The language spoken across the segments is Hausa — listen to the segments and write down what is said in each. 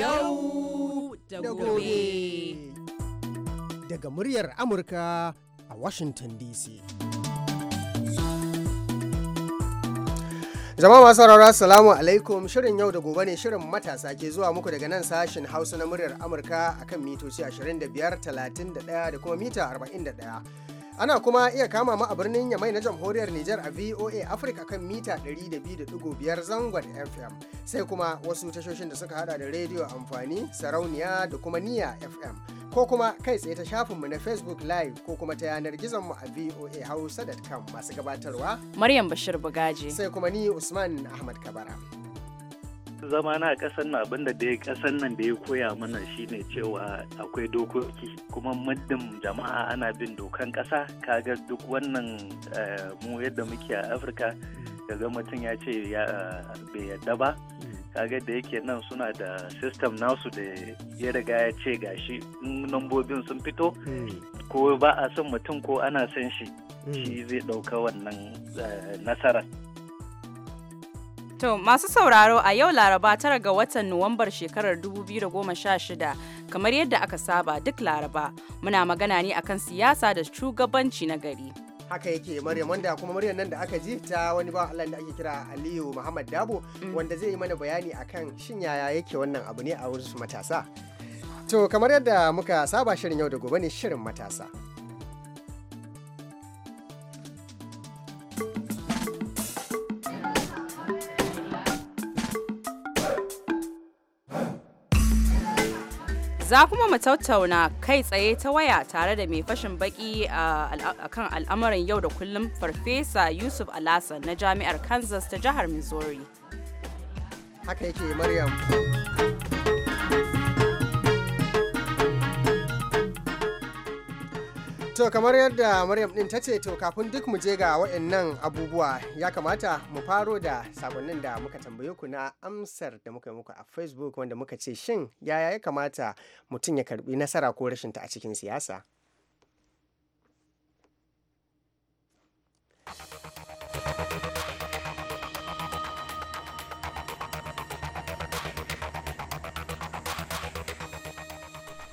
yau da gobe. Daga muryar Amurka a Washington DC. Zama masu raura salamu alaikum shirin yau da gobe ne shirin matasa ke zuwa muku daga nan sashin Hausa na muryar Amurka akan mitoci 25, 31 da kuma mita 41. Ana kuma iya kama mu a birnin Yamai na Jamhuriyar Nijar a VOA Africa kan mita 102.5 zangon FM. Sai kuma wasu tashoshin da suka hada da rediyo amfani, sarauniya da kuma niya FM. Ko kuma kai tsaye ta shafinmu na Facebook Live ko kuma ta yanar gizonmu a VOA Hausa.com masu gabatarwa. Maryam Bashir Bugaji. Sai kuma ni Usman Ahmad Kabara. zama na kasan nan abinda da kasan nan da ya koya mana shine cewa akwai dokoki kuma muddin jama'a ana bin dokan kasa kaga duk wannan eh, mu yadda muke a afirka kaga mutum ya ce bai yadda ba kaga da yake nan suna da system nasu da ya riga ya ce gashi nambobin sun fito ko ba a son mutum ko ana son shi shi zai ɗauka wannan eh, nasarar To masu sauraro a yau Laraba tara ga watan Nuwambar shekarar 2016 kamar yadda aka saba duk Laraba muna magana ne akan siyasa da shugabanci na gari. haka yake maryam wanda kuma maryam nan da aka ji ta wani bawan allah da ake kira aliyu muhammad dabo mm. wanda zai yi mana bayani akan shin yaya yake wannan abu ne a wurin matasa to kamar yadda muka saba shirin yau da gobe ne shirin matasa Za kuma mu tattauna kai tsaye ta waya tare da mai fashin baki a kan al'amuran yau da kullum Farfesa Yusuf Alasan na Jami'ar Kansas ta jihar Missouri. Haka yake Maryam. To kamar yadda Maryam ɗin ta ce to kafin duk mu je ga waɗannan abubuwa ya kamata mu faro da sabonin da muka tambaye ku na amsar da muka yi muku a Facebook wanda muka ce shin yaya ya kamata mutum ya karbi nasara ko rashin ta a cikin siyasa?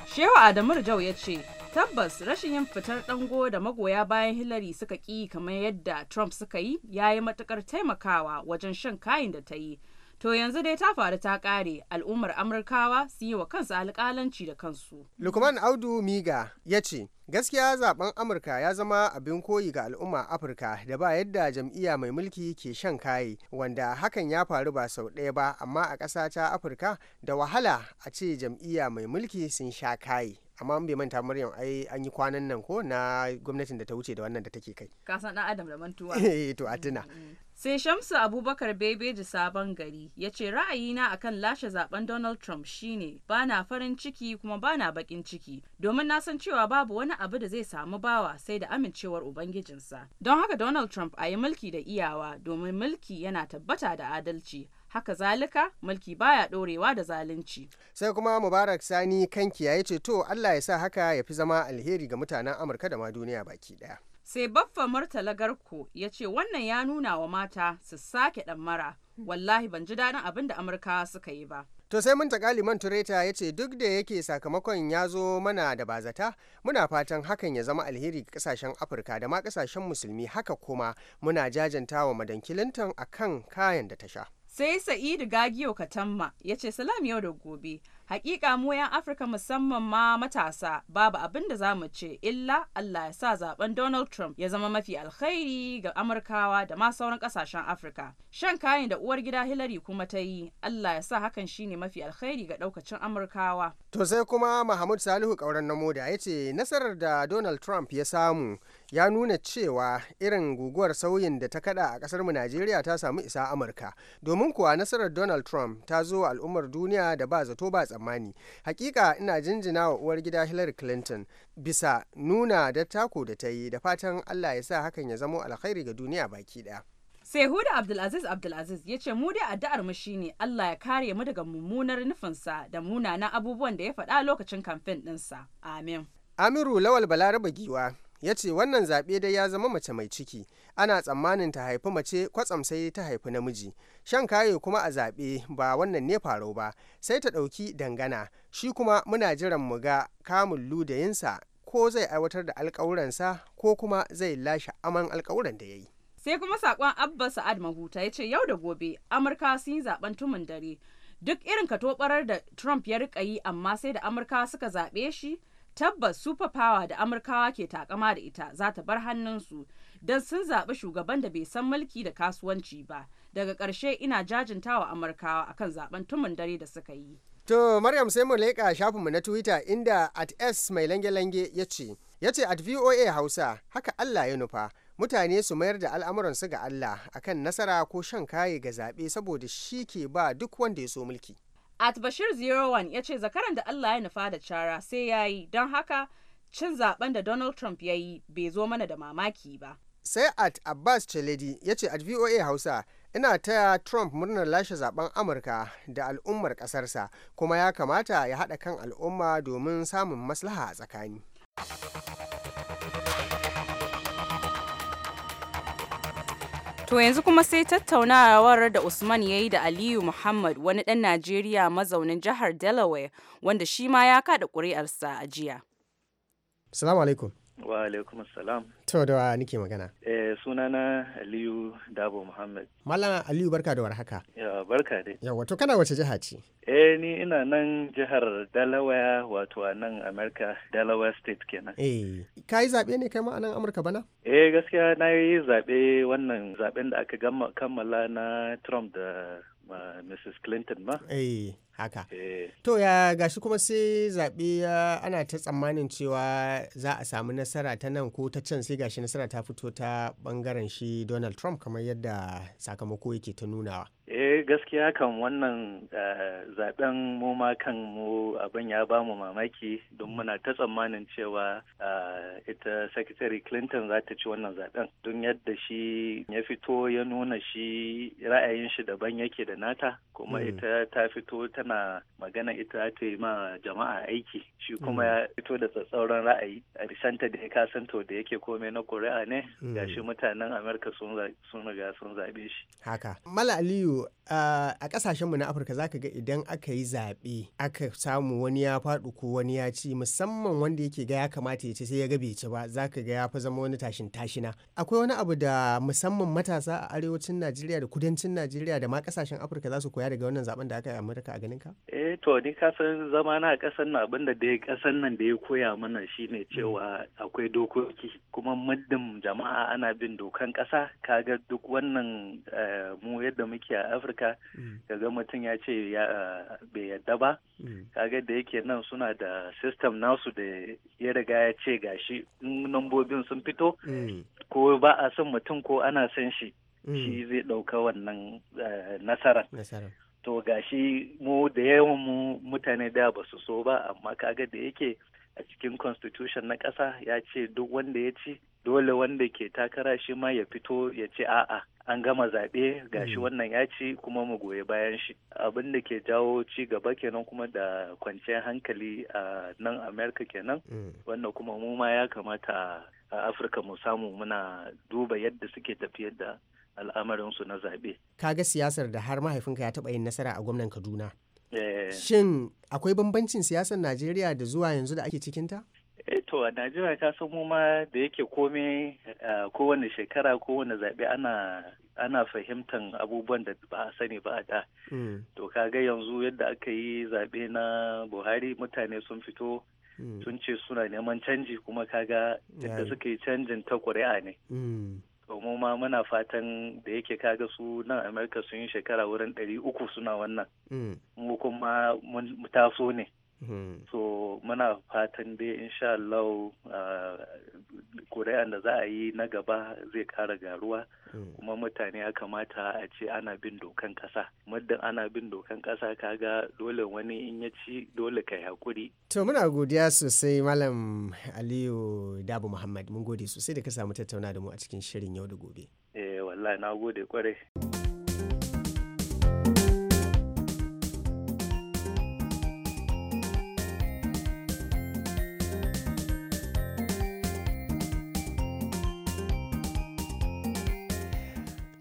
Shehu Adamu Rajau ya ce, tabbas rashin yin fitar dango da magoya bayan hillary suka ki kamar yadda trump suka yi ya yi matukar taimakawa wajen shan kayan da ta yi to yanzu dai ta faru ta kare al'ummar amurkawa su yi wa kansu alkalanci da kansu lukman audu miga ya ce gaskiya zaben amurka ya zama abin koyi ga al'umma afirka da ba yadda jam'iyya mai mulki ke shan kayi wanda hakan ya faru ba sau ɗaya ba amma a ƙasa ta afirka da wahala a ce jam'iyya mai mulki sun sha kayi. amma an bai manta maryam ai an yi kwanan nan ko na gwamnatin da ta wuce da wannan da take kai ka san dan adam da mantuwa eh to a tuna mm, mm, mm. sai shamsu abubakar bebeji sabon gari ya ce ra'ayina akan lashe zaben donald trump shine ba na farin ciki kuma ba na bakin ciki domin na san cewa babu wani abu da zai samu bawa sai da amincewar ubangijinsa don haka donald trump a yi mulki da iyawa domin mulki yana tabbata da adalci haka zalika mulki baya ɗorewa da zalunci. Sai kuma Mubarak Sani kan kiyaye ce to Allah ya sa haka ya fi zama alheri ga mutanen Amurka da ma duniya baki ɗaya. Sai Baffa Murtala Garko ya ce wannan ya nuna wa mata su sake ɗan mara. Wallahi ban ji daɗin abin da Amurka suka yi ba. To sai mun takaliman tureta ya ce duk da yake sakamakon ya zo mana da bazata muna fatan hakan ya zama alheri ga ƙasashen Afirka da ma ƙasashen musulmi haka kuma muna jajanta wa a akan kayan da ta sha. sai sa'idu gagiyo katamma ya ce salam yau da gobe hakika mu yan afirka musamman ma matasa babu abin da za mu ce illa allah ya sa zaben donald trump ya zama mafi alkhairi ga amurkawa da ma sauran kasashen afirka shan kayan da uwar gida hillary kuma ta yi allah ya sa hakan shine mafi alkhairi ga daukacin amurkawa to sai kuma mahmud salihu kauran namoda ya ce nasarar da donald trump ya samu ya nuna cewa irin guguwar sauyin da ta kada a kasarmu Najeriya ta samu isa Amurka. Domin kuwa nasarar Donald Trump ta zo al'ummar duniya da ba zato ba tsammani. Hakika ina jinjina wa uwar gida Hillary Clinton bisa nuna da tako da ta yi da fatan Allah ya sa hakan ya zamo alkhairi ga duniya baki daya. sai huda abdulaziz abdulaziz ya ce mu dai addu'ar mu shine allah ya kare mu daga mummunar nufinsa da munanan abubuwan da ya faɗa lokacin kamfen ɗinsa amin amiru lawal balaraba giwa ya ce wannan zaɓe dai ya zama mace mai ciki ana tsammanin ta haifi mace kwatsam sai ta haifi namiji shan kaye kuma a zaɓe ba wannan ne farau ba sai ta ɗauki dangana shi kuma muna jiran mu ga kamun ludayinsa ko zai aiwatar da alkawuransa ko kuma zai lashe aman alkawuran da ya yi sai kuma sakon abba sa'ad mahuta ya ce yau da gobe amurka sun yi zaben tumin dare duk irin katobarar da trump ya riƙa yi amma sai da amurka suka zaɓe shi tabbas super power da amurkawa ke takama da ita za ta bar hannunsu don sun zaɓi shugaban da bai san mulki da kasuwanci ba daga ƙarshe ina jajintawa amurkawa akan zaben tumun dare da suka yi to maryam sai mu leƙa shafinmu na twitter inda at s mai lange-lange ya ce ya ce at voa hausa haka allah ya nufa mutane su mayar da al'amuransu ga allah akan nasara ko shan kaye ga zaɓe saboda shi ke ba duk wanda ya so mulki at bashir 01 ya ce zakaran da allah ya nufa da cara sai ya yi don haka cin zaben da donald trump ya yi bai zo mana da mamaki ba sai at abbas chaledi ya ce a voa hausa ina taya trump murnar lashe zaben amurka da al'ummar kasarsa kuma ya kamata ya haɗa kan al'umma domin samun maslaha a tsakani To yanzu kuma sai tattaunawar da Usman ya yi da Aliyu Muhammad wani ɗan Najeriya mazaunin jihar Delaware wanda shi ma ya kaɗa ƙuri'arsa a jiya. Salamu alaikum. Wa alaikum salam. To da wa nike magana? Eh sunana Aliyu Dabo Muhammad. Malam Aliyu barka da warhaka. Ya barka dai. Yawa to kana wace jiha ce? Eh ni ina nan jihar Delaware wato a nan America Delaware State kenan. Eh ka yi zaɓe ne kai ma a nan Amurka bana? Eh gaskiya na yi zaɓe wannan zaɓen da aka gama kammala na Trump da Mrs. Clinton ma. Eh. haka eh. to ya gashi kuma sai zaɓe ana ta tsammanin cewa za a samu nasara ta nan ko ta can sai gashi nasara ta fito ta bangaren shi donald trump kamar yadda sakamako yake ta nunawa eh gaskiya kan wannan eh, zaben mu ma kan mu abin ya bamu mamaki don muna ta tsammanin cewa eh, ita secretary clinton za ta ci wannan zaben don yadda shi ya fito ya nuna shi ra'ayin shi daban yake da nata kuma hmm. ita ta fito tana magana ita ta yi ma jama'a aiki shi kuma hmm. ya fito da tsatsauran ra'ayi a risanta da ya kasanto da yake komai na kuri'a ne gashi hmm. mutanen amurka sun riga sun zaɓe shi haka mala aliyu uh, a ƙasashenmu na afirka zaka ga idan aka yi zaɓe aka samu wani ya faɗi ko wani ya ci musamman wanda yake ga ya kamata ya ci sai ya ga bai ci ba zaka ga ya fi zama wani tashin tashina akwai wani abu da musamman matasa a arewacin najeriya da kudancin najeriya da ma kasashen afirka za su koya daga wannan zaben da aka yi amurka a ganin ka eh to ni ka san zama na kasan nan abinda da kasan nan da ya koya mana shine cewa akwai dokoki kuma muddin jama'a ana bin dokan kasa ga duk wannan eh, mu yadda muke a afirka mm. kaga mutum ya ce eh, bai yadda ba mm. kaga da yake nan suna da system nasu da ya riga ya ce gashi numbobin sun fito mm. ko ba a son mutum ko ana son shi shi zai ɗauka wannan eh, nasara to gashi mu da yawan mutane da ba su so ba amma kaga da yake a cikin constitution na ƙasa ya ce duk wanda ya ci dole wanda ke takara shi ma ya fito ya ce a'a an gama zaɓe shi mm. wannan ya ci kuma mu goyi bayan shi abin da ke jawo ci gaba kenan kuma da kwanciyar hankali a nan amerika kenan mm. wannan kuma mu ma ya kamata a afirka mu samu muna duba yadda suke tafiyar da al'amarinsu na zaɓe ga siyasar da har mahaifinka ya taɓa yin nasara a gwamnan kaduna eh. shin akwai bambancin siyasar najeriya da zuwa yanzu da ake cikinta To a Najeriya ka san mu ma da yake komai kowane shekara kowane zaɓe ana ana fahimtar abubuwan da ba a sani ba a da. Mm. To kaga yanzu yadda aka yi zaɓe na Buhari mutane sun fito mm. sun ce suna neman canji kuma kaga yadda suka yi canjin ta ƙuri'a ne. Mm. mu ma muna fatan da yake kaga su nan Amerika sun yi shekara wurin ɗari uku suna wannan. Mu kuma mun taso ne. so muna fatan dai insha Allah kuri'an uh, da za a yi na gaba zai kara garuwa hmm. kuma mutane ya kamata a ce ana bin dokan kasa muddin ana bin dokan kasa kaga dole wani in ya ci dole kai hakuri to muna godiya sosai malam aliyu dabu muhammad mun gode sosai da ka samu tattauna da mu a cikin shirin yau da gobe eh wallahi na gode kwarai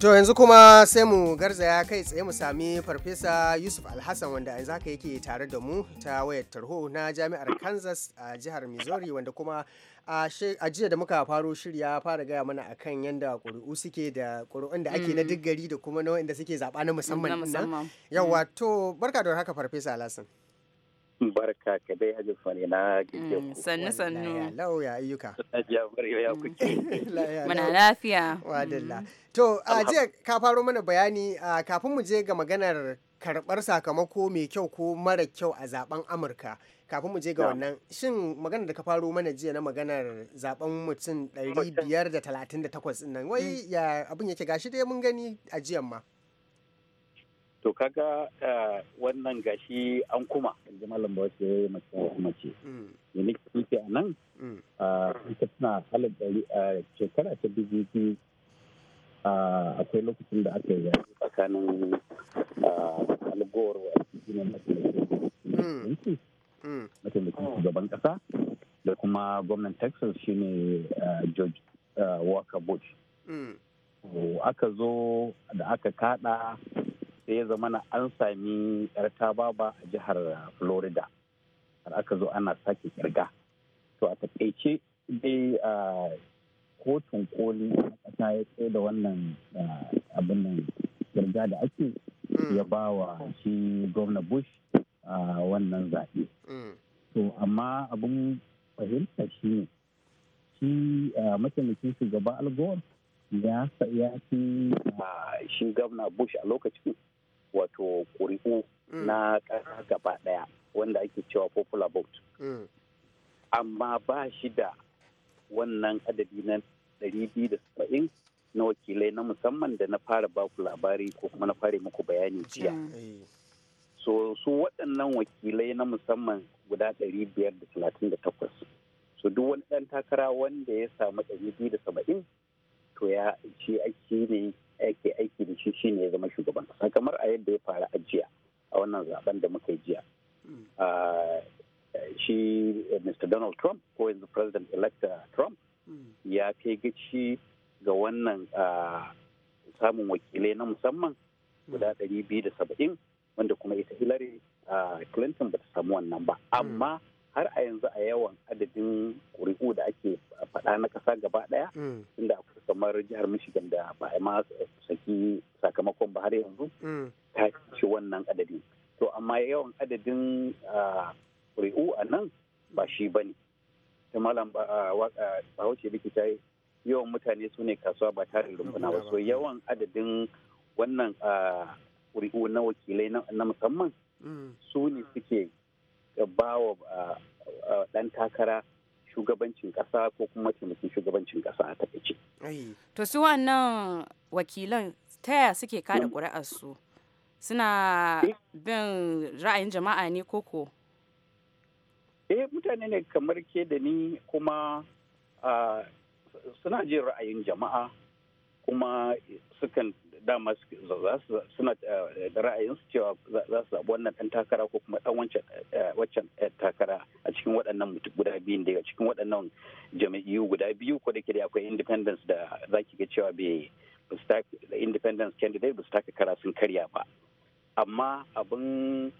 To yanzu kuma sai mu garzaya kai tsaye mu sami Farfesa Yusuf Alhassan wanda yanzu haka yake tare da mu ta wayar tarho na Jami'ar Kansas a jihar Missouri wanda kuma a jiya da muka faro shirya fara gaya mana akan yadda ƙuri'u suke da ƙuri'un da ake na mm. duk da kuma na wanda suke zaɓa na musamman. Yawwa mm. to barka da haka Farfesa Alhassan. barka ka dai hajji fani na gaje mm, sannu sannu lau ya ayyuka ya muna lafiya wadalla mm. to a je ka faro mana bayani kafin mu je ga maganar karɓar sakamako mai kyau ko mara kyau a zaben amurka kafin mu je ga wannan shin maganar da ka faro mana jiya na maganar zaben mutum 538 nan wai mm. ya abin yake gashi dai mun gani a jiyan ma to kaga eh, wannan gashi an kuma yanzu malam bawace mace kuma ce yanni mm. kuke a nan mm. eh, ita tana halin dari a eh, shekara ta dubu biyu akwai lokacin da aka yi tsakanin algowar wa mm. mataimakin shugaban kasa da kuma gwamnan texas shine george walker bush aka zo da aka kada sai ya zama na an sami yar tababa a jihar florida har aka zo ana sake kirga to a takaice dai kotun koli ta ya tsaye da wannan abin nan kirga da ake hmm. ya ba wa shi gwamna bush a wannan zaɓe hmm. to amma abin fahimta shi ne shi mataimakin shugaba algor ya fi shi gwamna bush a lokacin wato ƙuri'u mm. na ƙasa gaba ɗaya wanda ake cewa popular vote mm. amma ba shi da wannan adadi na 270 na wakilai na musamman da na fara baku labari ko kuma na fara muku bayani jiya. Mm. Eh. So su waɗannan wakilai na musamman guda 538. So duk wani ɗan takara wanda ya samu 270 to ya ce ake ne yake aiki da shi shine ya zama shugaban kasa kamar a yadda ya fara ajiya a wannan zaben da muka yi jiya hmm. ah, shi mr donald trump ko yanzu president elect ah, trump hmm. ya kai gaci ga wannan ah, samun wakilai na musamman guda hmm. biyu da saba'in wanda kuma ita hillary clinton ba ta samu wannan ba amma har a yanzu a yawan adadin ƙuri'u da ake faɗa na ƙasa gaba ɗaya hmm. inda akwai kamar jihar michigan da ba a saki sakamakon ba har yanzu hmm. ta ci wannan adadin to amma yawan adadin ƙuri'u a nan ba shi ba ne ta malam bahaushe da ta yawan mutane su ne kasuwa ba tare rumbuna ba so yawan adadin wannan ƙuri'u na wakilai na musamman hmm. su ne suke ba wa ɗan takara shugabancin ƙasa ko kuma taimakin shugabancin ƙasa a takaice. To su wannan wakilan ya suke kada mm. ƙuri'arsu suna eh. bin ra'ayin jama'a ne koko? Eh mutane ne kamar ke da ni kuma suna jin ra'ayin jama'a kuma sukan dama suna eh, da ra'ayinsu cewa za su zaɓi wannan ɗan takara ko kuma ɗan wancan eh, eh, takara a cikin waɗannan mutu guda biyun daga cikin waɗannan jami'u guda biyu ko da ke akwai independence da za ki ga cewa bai independence candidate ba su taka kara sun karya ba amma abin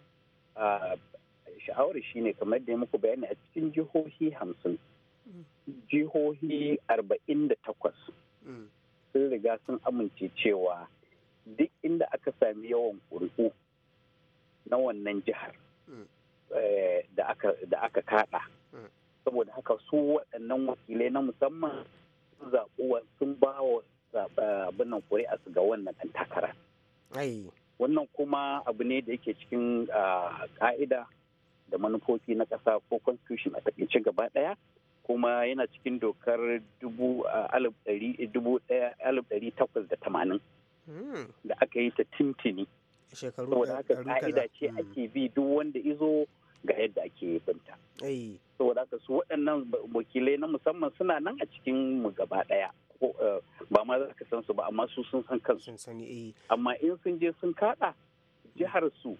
sha'awar shine kamar da ya muku bayani a cikin jihohi hamsin mm. jihohi arba'in da takwas riga sun amince cewa duk inda aka sami yawan ƙuri'u na wannan jihar eh, da aka kaɗa saboda haka su waɗannan wakilai na musamman sun zaɓuwa sun ba wa abinan su ga wannan ɗan takara wannan kuma abu ne da yake cikin ah, ƙa'ida da manufofi na ƙasa ko constitution a takaice gaba ɗaya kuma yana cikin dokar tamanin da aka yi ta tintini saboda haka ka'ida ce ake bi hmm. duk wanda izo ga yadda ake binta saboda haka su waɗannan wakilai na musamman suna nan a cikin mu gaba ɗaya eh, ba ma za ka san su ba amma su sun san kansu eh. amma in sun je sun kaɗa jihar su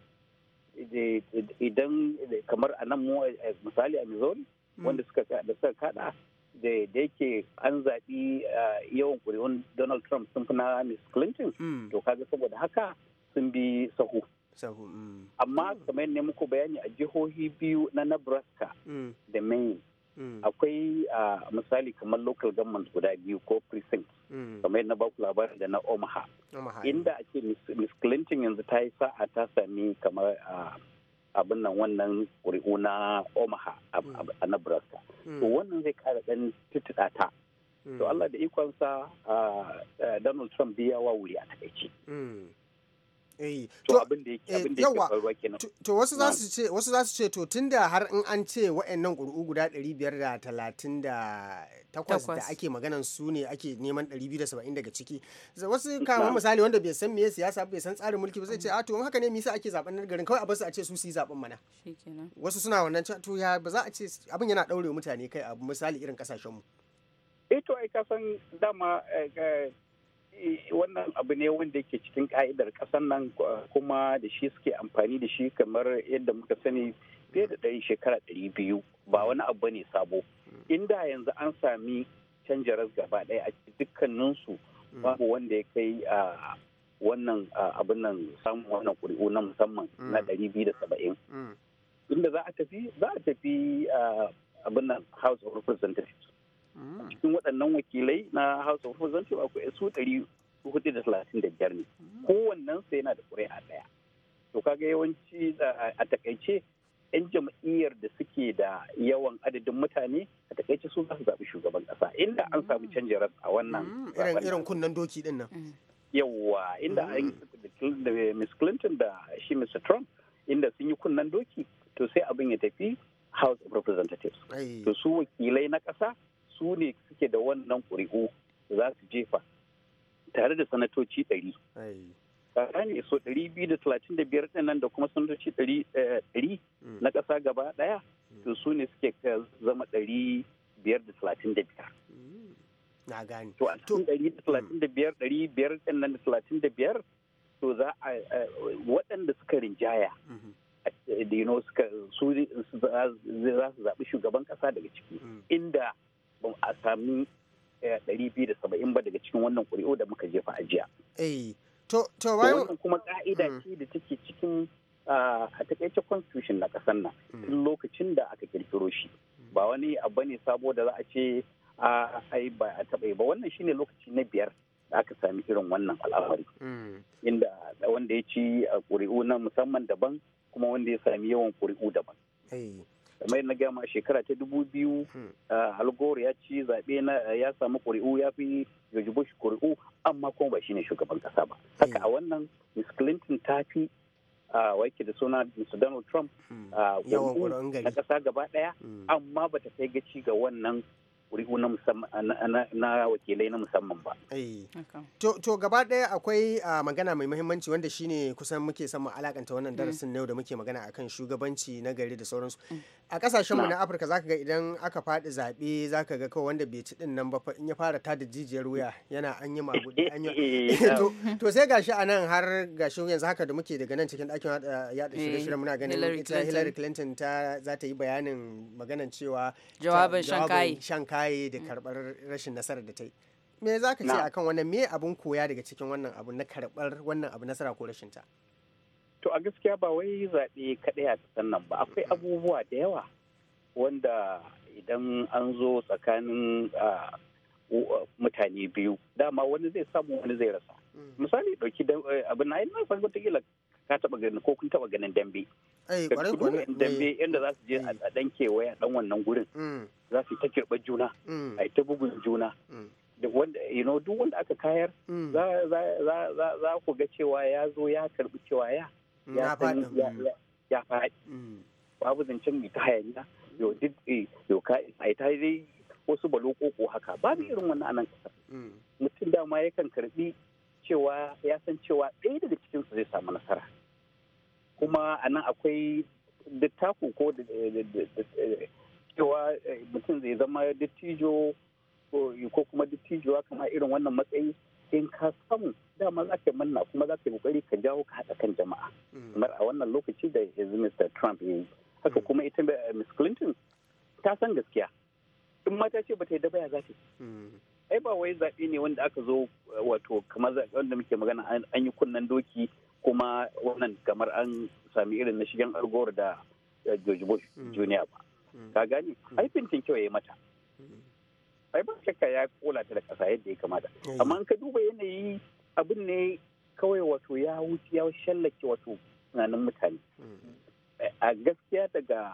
eh, idan kamar a nan mu misali a Missouri hmm. wanda ƙasa da yake an zaɓi eh, yawan ƙuri'un donald trump sun fi na miss clinton hmm. to kaga saboda haka sun bi sahu hmm. amma hmm. kamar ne muku bayani a jihohi biyu na nebraska da maine akwai eh, misali kamar local government guda biyu ko precinct kamar yadda baku labarin da na omaha inda ake miss clinton yanzu ta yi sa'a ta sami kamar eh, abin nan wannan ƙuri'u na omaha a mm. nebraska mm. to wannan zai kara ɗan titida ta to mm. allah da ikonsa ah, ah, donald trump biya wa wuri a takaici eh to abin da yake eh, abin da yake faruwa kenan to wasu za su ce wasu za su ce to tunda har in an ce waɗannan ƙuri'u guda 538 da ake maganan su ne ake neman 270 daga ciki wasu kamar misali wanda bai san meye siyasa bai san tsarin mulki ba zai ce a ah, to in haka ne me yasa ake zaben nan garin kawai a basu a ce su su yi zaben mana shikenan wasu suna wannan to ya ba za a ce abin yana daure mutane kai a misali irin kasashen mu eh to ai ka san dama eh, eh, wannan abu ne wanda yake cikin ka'idar ƙasar nan kuma da shi suke amfani da shi kamar yadda muka sani fiye da ɗari shekara ɗari biyu ba wani abu bane sabo inda yanzu an sami canjaras gaba ɗaya a dukkaninsu babu wanda ya kai wannan abin nan samun wannan ƙuri'u na musamman na mm. ɗari biyu da saba'in mm. inda za a tafi za a tafi abin nan house of representatives Mm. cikin waɗannan wakilai na House of Representatives akwai su ɗari hudu da talatin da biyar ne mm. kowannen sai yana da ƙuri'a ɗaya to kaga yawanci a takaice yan jam'iyyar da suke da yawan adadin mutane a takaice su za su zaɓi shugaban ƙasa inda an mm. samu canjin ras a wannan irin kunnen doki din nan yawwa inda an Miss Clinton da shi Mr Trump inda sun yi kunnen doki to sai abin ya tafi House of Representatives to su wakilai na ƙasa su ne suke da wannan ƙuri'u za su jefa tare da sanatoci ɗari. ne so ɗari biyu da talatin da biyar ɗin nan da kuma sanatoci ɗari eh, mm. na ƙasa gaba ɗaya mm. to su ne suke eh, zama ɗari biyar da talatin da biyar. Mm. Na gane. To a cikin ɗari da talatin da biyar ɗari biyar ɗin nan da talatin da biyar to za a eh, waɗanda suka rinjaya. Mm-hmm. da yi suka su za su zaɓi shugaban ƙasa daga ciki inda ba a sami eh, saba'in ba daga cikin wannan ƙuri'u da muka jefa a jiya. Eh, to to wannan kuma ƙa'ida mm. ce da take cikin ah, a takaice constitution na ƙasar nan mm. tun lokacin da aka kirkiro shi mm. ba wani abu ne sabo da za a ce ai ba a taɓa ba wannan shine lokaci na biyar da aka sami irin wannan al'amari inda wanda ya ci ƙuri'u na musamman daban kuma wanda ya sami yawan ƙuri'u daban eh. kamar na gama shekara ta dubu biyu hmm. al gore ya ci zaɓe na ya samu ƙuri'u ya fi george bush ƙuri'u amma kuma ba shi ne shugaban ƙasa ba haka a hmm. wannan miss clinton ta fi wake da suna mr donald trump hmm. a na ƙasa gaba ɗaya amma ba ta kai gaci ga wannan ƙuri'u na na wakilai na musamman ba. Eh. To gaba ɗaya akwai magana mai muhimmanci wanda shine kusan muke samun alakanta wannan mm. darasin na yau da muke magana akan shugabanci na gari da sauransu. Mm. A kasashen mu na Afirka zaka ga idan aka faɗi zaɓe zaka ga kawai wanda bai ci din nan ba in ya fara tada jijiyar wuya yana an yi magudi an yi eh. to sai gashi a nan har gashi yanzu haka da muke daga nan cikin ɗakin yaɗa eh. shirye-shirye muna ganin ita Hillary Clinton ta za ta yi bayanin maganan cewa jawabin shankai ye da mm. karbar rashin nasarar da ta yi me za ka ce akan wannan me abun koya daga cikin wannan abu na karbar wannan abu nasara ko rashin ta to a gaskiya ba wai zaɓe kaɗai a kasan nan ba akwai mm. abubuwa da yawa wanda idan an zo tsakanin mutane biyu dama wani zai samu wani zai rasa mm. misali ɗauki eh, abin na yi na san wataƙila ka taba ganin ko kun taba ganin dambe eh, dambe eh. yadda za su je a dan eh. kewaya dan wannan gurin mm. za su ta kirɓar juna mm. a ta bugun juna mm. wanda you know duk wanda aka kayar za ku ga cewa ya zo ya karbi cewa ya ya ya faɗi babu zancen mai ta hayaniya yau duk ka ai ta dai wasu ko haka babu irin wannan anan kasa mutum dama yakan karbi cewa ya san cewa ɗaya daga cikinsu zai samu nasara kuma a nan akwai dattako ko cewa eh, mutum zai zama dattijo ko kuma dattijuwa kama irin wannan matsayi in ka samu dama za ka manna kuma za ka yi kokari ka jawo ka haɗa kan jama'a hmm. kamar a wannan lokaci da yanzu Mr. Trump ya yi haka hmm. kuma ita eh, Miss Clinton ta san gaskiya in mata ce ba ta yi dabaya za ta yi hmm. ai ba wai zaɓe ne wanda aka zo wato kamar wanda muke magana an yi kunnen doki kuma wannan kamar an sami irin na shigen argowar da George Bush hmm. Junior ba. Hmm. Ka gani? Hmm. Ai fintin kyau ya mata. Ai ba shakka ya kola ta da ƙasa yadda ya kamata. Amma ka duba yanayi abin ne kawai wato ya wuce ya shallake wato tunanin mutane. A gaskiya daga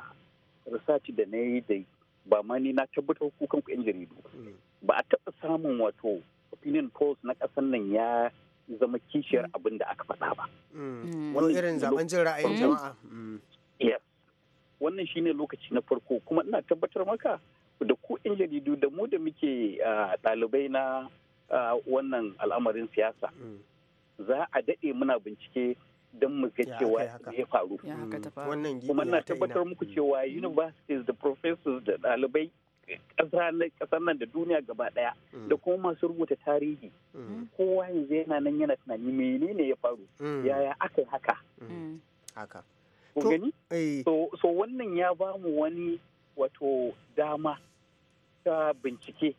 research da na yi da ba ma ni na tabbatar kukan ku 'yan jaridu. ba a taɓa samun wato opinion polls na ƙasar nan ya zama kishiyar mm. abin da aka faɗa ba. Mm. Mm. wannan irin zaben jin ra'ayin jama'a. Yes. Wannan shine lokaci na farko kuma ina tabbatar maka da ku 'yan jaridu da mu da muke ɗalibai na wannan al'amarin siyasa. Za a daɗe muna bincike don mu ga cewa ya faru. Kuma ina tabbatar muku cewa universities da professors da ɗalibai ƙasar nan da duniya gaba ɗaya mm. da kuma masu rubuta tarihi mm. kowa yanzu yana nan yana tunani menene ya faru mm. yaya aka haka haka gani eh. so wannan ya ba mu wani wato dama ta bincike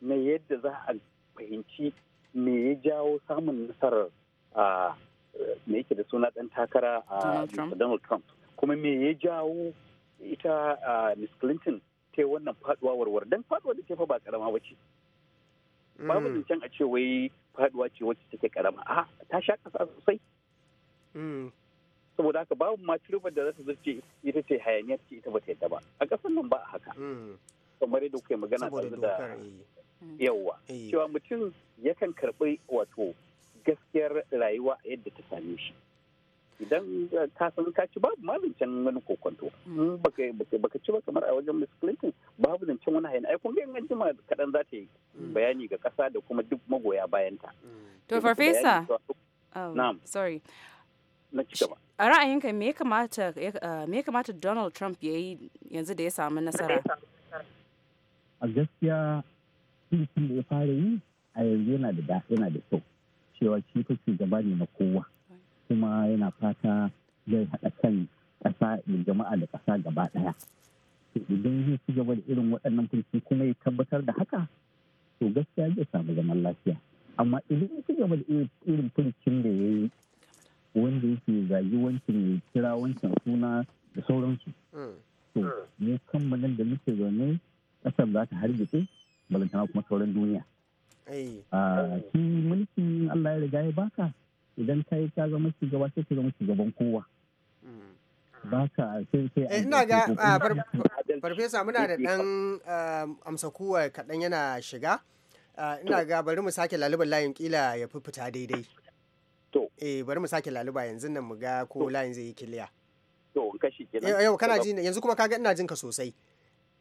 na yadda za a fahimci me ya jawo samun nasarar me yake da suna ɗan takara a Donald Trump kuma me ya jawo ita Miss Clinton ta wannan faduwa warwar don faduwa da ke fa ba karama ba ce mu mm. zancen a ce wai faduwa ce wacce take karama a ta sha kasa sosai mm. saboda haka babu ma turban da za ta zurce ita ce hayaniyar ce ita ba ta yadda ba a ƙasar nan ba a haka mm. kamar yadda kuke magana tare da eh. yawwa eh. cewa mutum yakan karɓi wato gaskiyar rayuwa a yadda ta same shi idan ka san ka ci babu ma zancen wani kokonto in baka ci ba kamar a wajen Miss Clinton babu zancen wani hain ai kun ga jima kaɗan za ta yi mm. bayani ga ƙasa da kuma duk magoya bayanta. Mm. To farfesa. Oh, Na'am. Sorry. Na ci gaba. A ra'ayinka eh, me ya kamata Donald Trump ya yi yanzu da ya samu nasara? A gaskiya da ya fara yi a yanzu yana da kyau cewa shi fa shugaba ne na kowa. kuma yana fata zai haɗa kan ƙasa da jama'a da ƙasa gaba ɗaya idan zai ci gaba da irin waɗannan kulki kuma ya tabbatar da haka to gaskiya zai samu zaman lafiya amma idan ya ci gaba da irin kulkin da ya yi wanda yake zagi wancan ya kira wancan suna da sauransu mm. to mm. mu kammalin da muke zaune ƙasar za ta hargitse balantana kuma sauran duniya. Ah, shi mulkin Allah ya riga ya baka idan ka yi ka zama shugaba sai ka zama shugaban kowa mm. ba ka sai sai eh, ina ga ah, farfesa muna da dan ah, amsa kuwa kaɗan yana shiga ah, ina ga bari mu sake laluban layin kila ya fita daidai to eh bari mu sake laluba yanzu nan mu ga ko layin zai yi kiliya to kashi kenan yau kana ji yanzu kuma kaga ina jin ka sosai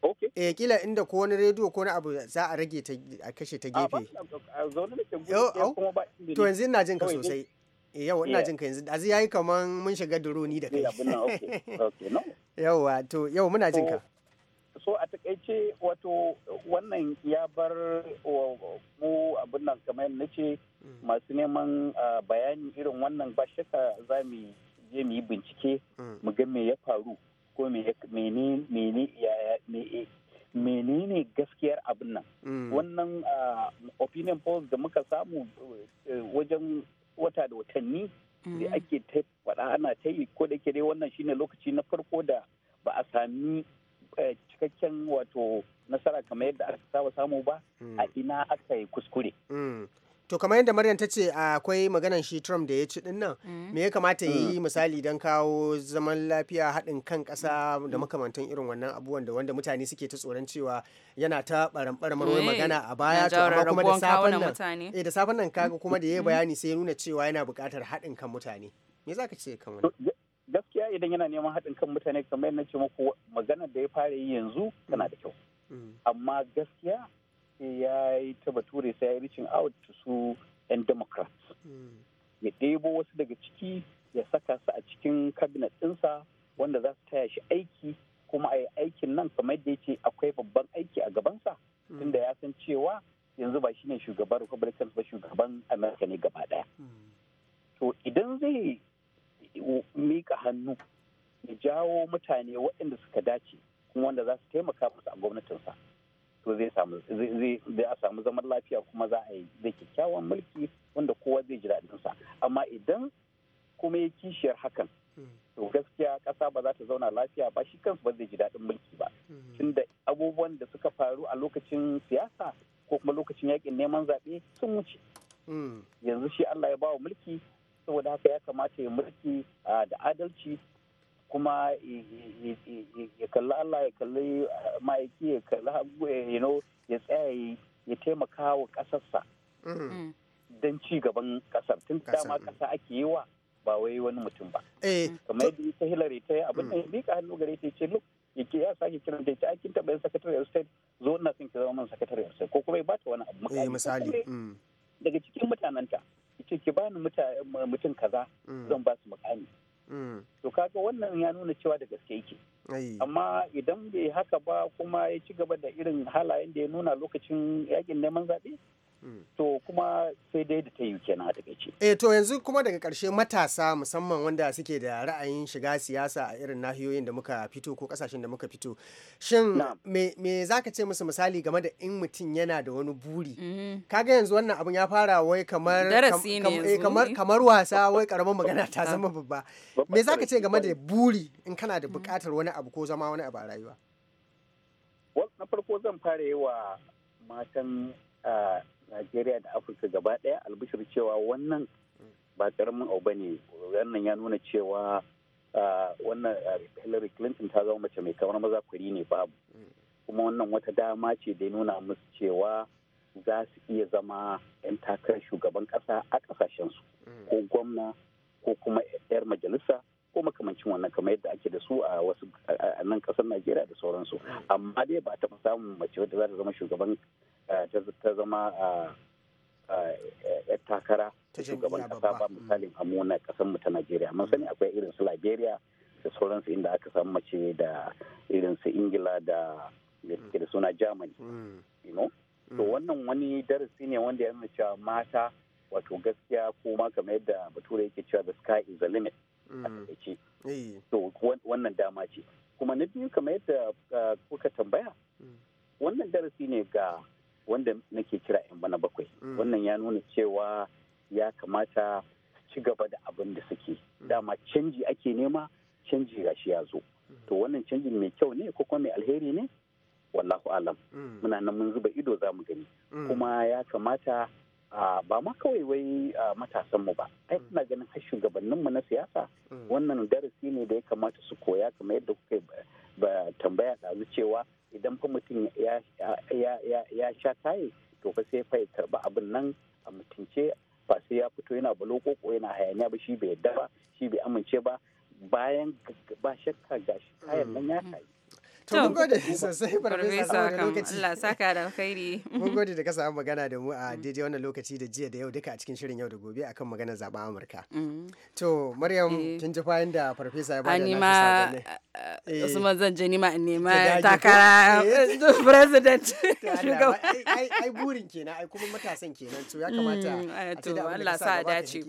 Okay. Eh kila inda ko wani rediyo ko wani abu za a rage ta a kashe ta gefe. To yanzu ina jin ka sosai. Eh, yau ina jin ka yanzu azu yayi kaman mun shiga duroni da kai eh, yawa to yau muna jin ka so a takaice wato wannan ya bar wa mu abin nan kamar na ce mm. masu neman bayani irin wannan ba shaka za mu je mu yi bincike mm. mu ga me ya faru ko e, menene gaskiyar abin nan mm. wannan opinion polls da muka samu eh, wajen wata da watanni mm. da ake ta faɗa ana ta yi ko da ke dai wannan shine lokaci na farko da ba a sami eh, cikakken wato nasara kamar yadda aka saba samu ba mm. a ina aka yi kuskure mm. to kamar yadda maryam ta ce akwai maganan shi trump da ya ci din nan mm. me ya kamata yi mm. misali don kawo zaman lafiya haɗin kan ƙasa mm. da makamantan irin wannan abubuwan da wanda mutane suke ta tsoron cewa yana ta barambaramar marwai eh, magana a baya to amma kuma da safan nan eh da safan nan kaga kuma da ya bayani sai ya nuna cewa yana buƙatar haɗin kan mutane me za ka ce kan wannan gaskiya idan yana neman haɗin kan mutane kamar yadda na ce muku maganar da ya fara yi yanzu tana da kyau amma gaskiya ya yi ta bature sai ya reaching out to su 'yan democrats ya ɗebo wasu daga ciki ya saka su a cikin cabinet ɗinsa wanda za su taya shi aiki kuma a yi aikin nan kamar da yake akwai babban aiki a gabansa tunda ya san cewa yanzu ba shine shugaban republicans ba shugaban america ne gaba ɗaya to idan zai mika hannu ya jawo mutane waɗanda suka dace kuma wanda za su taimaka musu a gwamnatinsa to zai samu zai a samu zaman lafiya kuma za a yi da kyakkyawan mulki wanda kowa zai ji daɗin sa amma idan kuma ya kishiyar hakan to gaskiya ƙasa ba za ta zauna lafiya ba shi kansu ba zai ji daɗin mulki ba hmm. tunda abubuwan da suka faru a lokacin siyasa ko kuma lokacin yakin neman zaɓe sun wuce hmm. yanzu shi Allah ya bawa mulki saboda haka ya kamata ya mulki ah, da adalci kuma ya kalli Allah ya kalli eh, ma'aiki ya kalli eh, ya tsaya ya taimaka wa kasarsa mm. mm. don ci gaban ƙasar tun dama ƙasa ake yi wa ba wai wani mutum ba. Eh, mm. Kamar yadda ita Hillary ta yi abin da ya miƙa hannu gare ta ce look yake ya sake kiran ta ce aikin taɓa yin sakatare of state zo ina son ki zama min sakatare of state ko kuma ya bata wani abu. misali. Daga cikin mutanenta ita ki bani mutum kaza zan ba su mukami. to kaga wannan ya nuna cewa da gaske yake amma idan bai haka ba kuma ya ci gaba da irin halayen da ya nuna lokacin yakin neman zaɓe to kuma sai dai da ta yi kenan a takaice eh to yanzu kuma daga karshe matasa musamman wanda suke da ra'ayin shiga siyasa a irin nahiyoyin da muka fito ko kasashen da muka fito shin me za zaka ce musu misali game da in mutum yana da wani buri mm-hmm. kaga yanzu wannan abun ya fara wai kamar eh, kamar kamar wasa wai karamin magana ta zama babba me zaka ce game da buri in kana da mm-hmm. bukatar wani abu ko zama wani abu a rayuwa na farko zan fara yi wa matan ah, najeriya da afirka gaba ɗaya albishir cewa wannan ba karamin abu bane wannan ya nuna cewa wannan hillary clinton ta zama mace mai kamar maza kuri ne babu kuma wannan wata dama ce da ya nuna musu cewa za su iya zama 'yan takarar shugaban ƙasa a ƙasashensu ko gwamna ko kuma 'yar majalisa ko makamancin wannan kamar yadda ake da su a wasu nan kasar Najeriya da sauransu amma dai ba taɓa samun mace wadda za ta zama shugaban Eh, ta zama eh, eh, yar takara ta shugaban kasa ba misalin amu na kasan mu ta Najeriya mun sani akwai irin su Najeriya. da sauransu inda aka samu mace da irin su Ingila da da suke da suna Germany mm. you know to mm. wannan wani darasi ne wanda ya nuna cewa mata wato gaskiya ko ma kamar yadda bature yake cewa the sky is the limit mm. a to wannan dama ce kuma na biyu kamar yadda kuka tambaya wannan darasi ne ga wanda nake kira yan bana bakwai mm. wannan ya nuna cewa ya kamata ci gaba da abin da suke mm. dama canji ake nema canji gashi ya zo mm. to wannan canjin mai kyau ne ko kuma mai alheri ne wallahu alam muna nan mun zuba ido za mu gani kuma ya kamata ba ma kawai wai matasanmu ba ai ina ganin har shugabanninmu na siyasa wannan darasi ne da ya kamata su koya kamar yadda kuka tambaya ɗazu cewa idan fa mutum ya sha taye to fa sai fa ya karba abin nan a mutunce ba sai ya fito yana balo ko yana hayaniya ba shi bai yadda ba shi bai amince ba bayan ba shakka gashi kayan nan ya mm. tayi To mun gode sosai farfesa da lokaci. Allah saka da alkhairi. Mun gode da ka samu magana da mu a mm. daidai wannan lokaci da jiya da yau duka a cikin shirin yau da gobe akan magana zaben Amurka. Mm. To Maryam eh. kin ji fayin da farfesa ya bada na ma Usman zan je nima in nema takara eh. president. Ai burin kenan ai kuma matasan kenan to ya mm, kamata eh, a ce da Allah sa dace.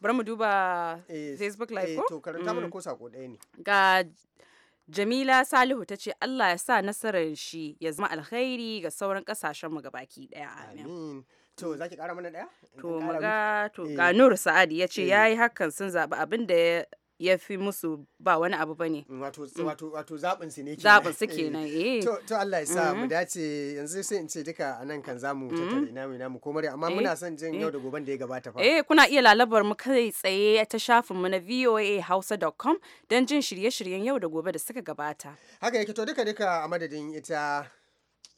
Bari mu duba Facebook live ko? To karanta mana ko sako ɗaya ne. Ga Jamila Salihu ta ce Allah ya sa nasarar shi ya zama alkhairi ga sauran kasashen mu gabaki daya. Amin. To za ki kara mana daya? To to ga eh. Nur Sa'adi ya ce eh. yayi hakan sun zaɓi abin da ya fi musu ba wani abu ba ne. Wato mm. zaɓin su ne ke Zaɓin su ke nan eh. eh. To Allah ya sa mu mm-hmm. dace yanzu sai in ce duka a nan kan za mu mm-hmm. tattali namu mu ina mu komai amma eh, muna son jin yau eh. da goben da ya gabata fa. Eh kuna iya lalabar mu kai tsaye ta shafin mu na voahausa.com don jin shirye-shiryen yau da gobe da suka gabata. Haka yake to duka duka a madadin ita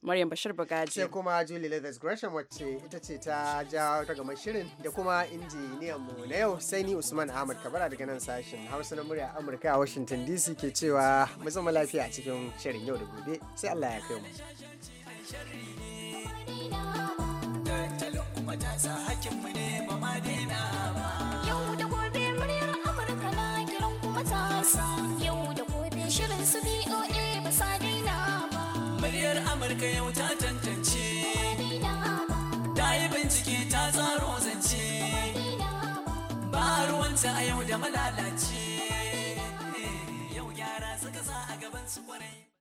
Maryam Bashir Bagaji. Sai kuma Julie Leathers Gresham wacce ita ce ta ja gama shirin da kuma injiniyan mu na yau sai ni Usman Ahmad Kabara daga nan sashen Hausa na murya Amurka a Washington DC ke cewa mu zama lafiya a cikin shirin yau da gobe sai Allah ya kai mu. ka yau ta tantance ta yi bincike ta tsaro zance ba ruwanta a yau da malalace eh, yau gyara suka sa a gaban su kwarai